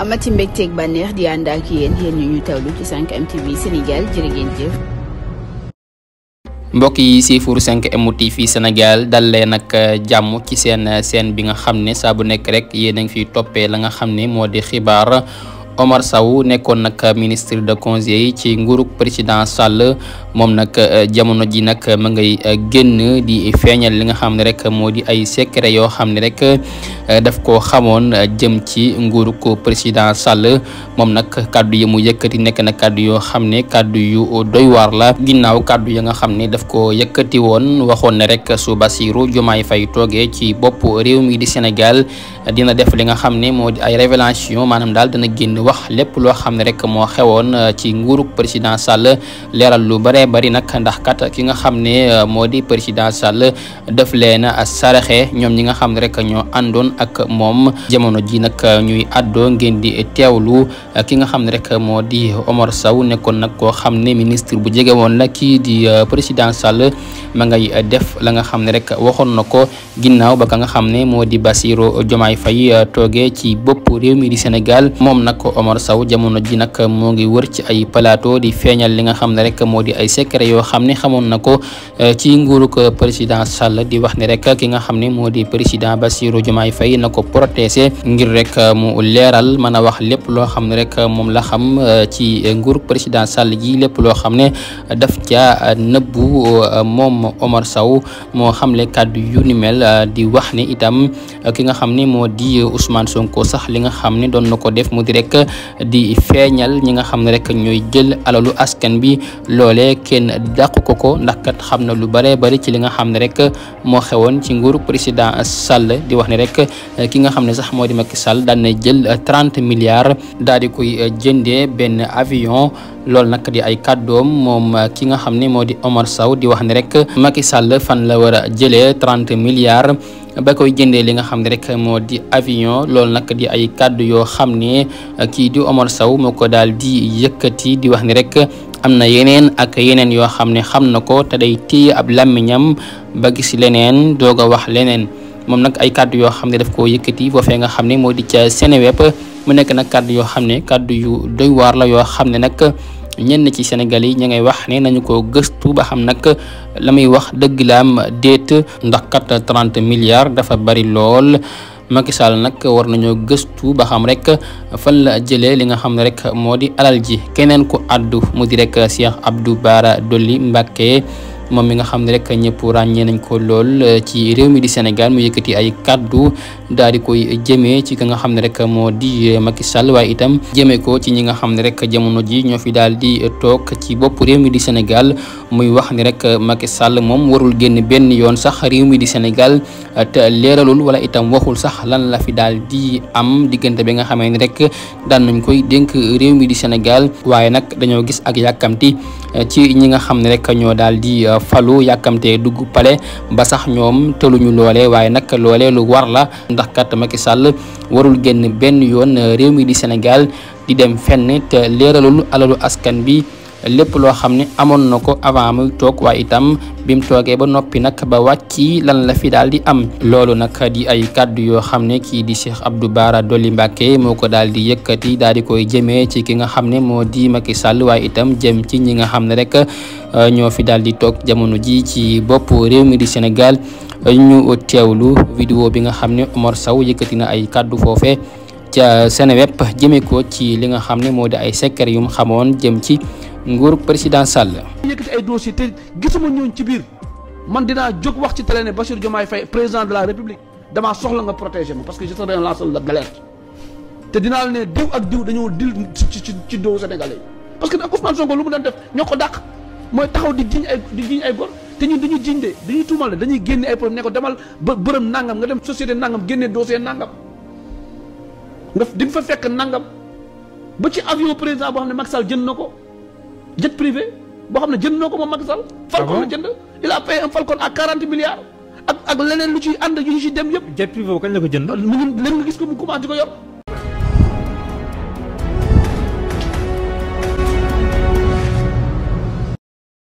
amati mbégteeg bànneex di ànd ak yéen yéen ñu ñu tawlu ci 5M TV Sénégal jërë ngeen jëf. mbokk yi siifur 5M TV Sénégal dalee euh, jàmm ci seen euh, seen bi nga xam ne saa bu nekk rek yéen a ngi fiy toppee la nga xam ne moo di xibaar. Omar Sow nekkoon nag ministre de conseil ci nguurug président Sall moom nag eh, jamono ji nag ma ngay eh, génn di feeñal li nga xam ne rek moo di ay secret yoo xam ne rek eh, daf koo xamoon jëm ci nguurug président Sall moom nag kàddu yi mu yëkkati nekk na kàddu yoo xam ne kàddu yu doy waar la ginnaaw kàddu ya nga xam ne daf ko yëkkati woon waxoon ne rek su Bassirou Diomaye Faye toogee ci bopp réew mi di Sénégal dina def li nga xam ne moo di ay révélation maanaam daal dana génn wax lépp loo xam ne rek moo xewoon euh, ci nguurug président Sall leeral lu bare bari nag ndax kat ki nga xam ne euh, moo di président Sall def a saraxe ñoom ñi nga xam ne rek ñoo àndoon ak moom jamono ji nag ñuy àddoo ngeen di teewlu euh, ki nga xam ne rek moo di Omar saw nekkoon nag koo xam ne ministre bu jege woon la kii di président Sall ma ngay def la nga xam ne rek waxoon na ko ginnaaw ba ka nga xam ne moo di Bassirou Diomaye Faye toogee ci bopp réew mi Sénégal moom Omar Sow jamono ji nag moo ngi wër ci ay plateau di feeñal li nga xam ne rek moo di ay secret yoo xam ne xamoon na ko eh, ci nguuruk eh, président Sall di wax ni rek ki nga xam ne moo di président Bassirou Diomaye Faye na ko protéger ngir rek eh, mu leeral mën a wax lépp loo xam ne rek moom la xam ci nguuruk président Sall ji lépp loo xam ne daf ca nëbbu moom Omar saw moo xam kàddu yu ni di wax ne itam ki nga xam ne moo di Ousmane Sonko sax li nga xam ne doon na ko def mu di rek di feeñal ñi nga xam ne rek ñooy jël alalu askan bi loolee kenn dàqu ko ko ndax kat xam na lu bare bari ci li nga xam ne rek moo xewoon ci nguuru président Sall di wax ne rek eh, ki nga xam ne sax moo di Macky Sall daan nay jël eh, trente milliards daal di koy eh, jëndee benn avion loolu nag di ay kàddoom moom ki nga xam ne moo di Omar saw di wax ne rek Macky Sall fan la war a jëlee trente milliards. ba koy jëndee li nga xam ne rek moo di avion loolu nag di ay kàddu yoo xam ne uh, kii di Omar saw moo ko daal di yëkkati di wax ni rek am na yeneen ak yeneen yoo xam ne xam na ko te day téye ab làmmiñam ba gis leneen doog a wax leneen moom nag ay kàddu yoo xam ne daf koo yëkkati foofee nga xam ne moo di ca Seneweb mu nekk nag kadd yoo xam ne kàddu yu doy war la yoo xam ne nag ñenn ci Sénégal yi ñu ngay wax nee nañu ko gëstu ba xam nag la muy wax dëgg laam déet ndax kat trente milliards dafa bari lool Macky Sall nag war nañoo gëstu ba xam rek fan la jëlee li nga xam ne rek moo di alal ji keneen ku àddu mu di rek Cheikh Abdou Bara Dolly Mbacké moom mi nga xam ne rek ñëpp ràññee nañ ko lool eh, ci réew mi di Sénégal mu yëkkati ay kàddu daal di koy jëmee ci ki nga xam ne rek moo di eh, Macky sàll waaye itam jëmee ko ci ñi nga xam ne rek jamono ji ñoo fi daal di toog ci bopp réew mi di Sénégal muy wax ni rek Macky Sall moom warul génn benn yoon sax réew mi di Sénégal eh, te leeralul wala itam waxul sax lan la fi daal di am diggante bi nga xamee ni rek daan nañ koy dénk réew mi di Sénégal waaye nag dañoo gis ak yàkkamti ci ñi nga xam ne rek ñoo daal di falu yàkkamtee dugg pale ba sax ñoom tëluñu loole waaye nag loole lu war la ndax kat Macky Sall warul génn benn yoon réew mi di Sénégal di dem fenn te leeralul alalu askan bi lépp loo xam ne amoon na ko avant muy toog waaye itam bi mu toogee ba noppi nag ba wàcc lan la fi daal di am loolu nag di ay kàddu yoo xam ne kii di Cheikh Abdou Bara Dolly Mbacké moo ko daal di yëkkati daal di koy jëmee ci ki nga xam ne moo di Macky Sall waaye itam jëm ci ñi nga xam ne rek euh, ñoo fi daal di toog jamono ji ci bopp réew mi di Sénégal ñu teewlu vidéo bi nga xam ne Omar Sow yëkkati na ay kàddu foofe ca Seneweb jëmee ko ci li nga xam ne moo di ay secret yum xamoon jëm ci nguur président Sall. yëkkati ay dossier te gisuma ñooñ ci biir man dinaa jóg wax ci télé ne Bassirou Diomaye Faye président de la république damaa soxla nga protéger ma parce que je serai un lanceur d'alerte te dinaa la ne diw ak diw dañoo dil ci ci ci doo Sénégalais yi parce que nag ko Sonko lu mu doon def ñoo ko dàq mooy taxaw di jiñ ay di ay góor te ñun dañuy jiñ de dañuy tuumal dañuy génne ay problème ne ko demal ba bërëm nangam nga dem société nangam génne dossier nangam nga di fa fekk nangam ba ci avion président boo xam ne Macky Sall jënd na ko. jet privé boo xam ne jënd noo ko moom mag Sall. Ah Falcon la jënd il a payé un Falcon à 40 milliards. ak ak leneen lu ciy ànd yu ñu ci dem yëpp. jet privé kañ la ko jënd. léegi nga gis ko mu commencé di ko yor.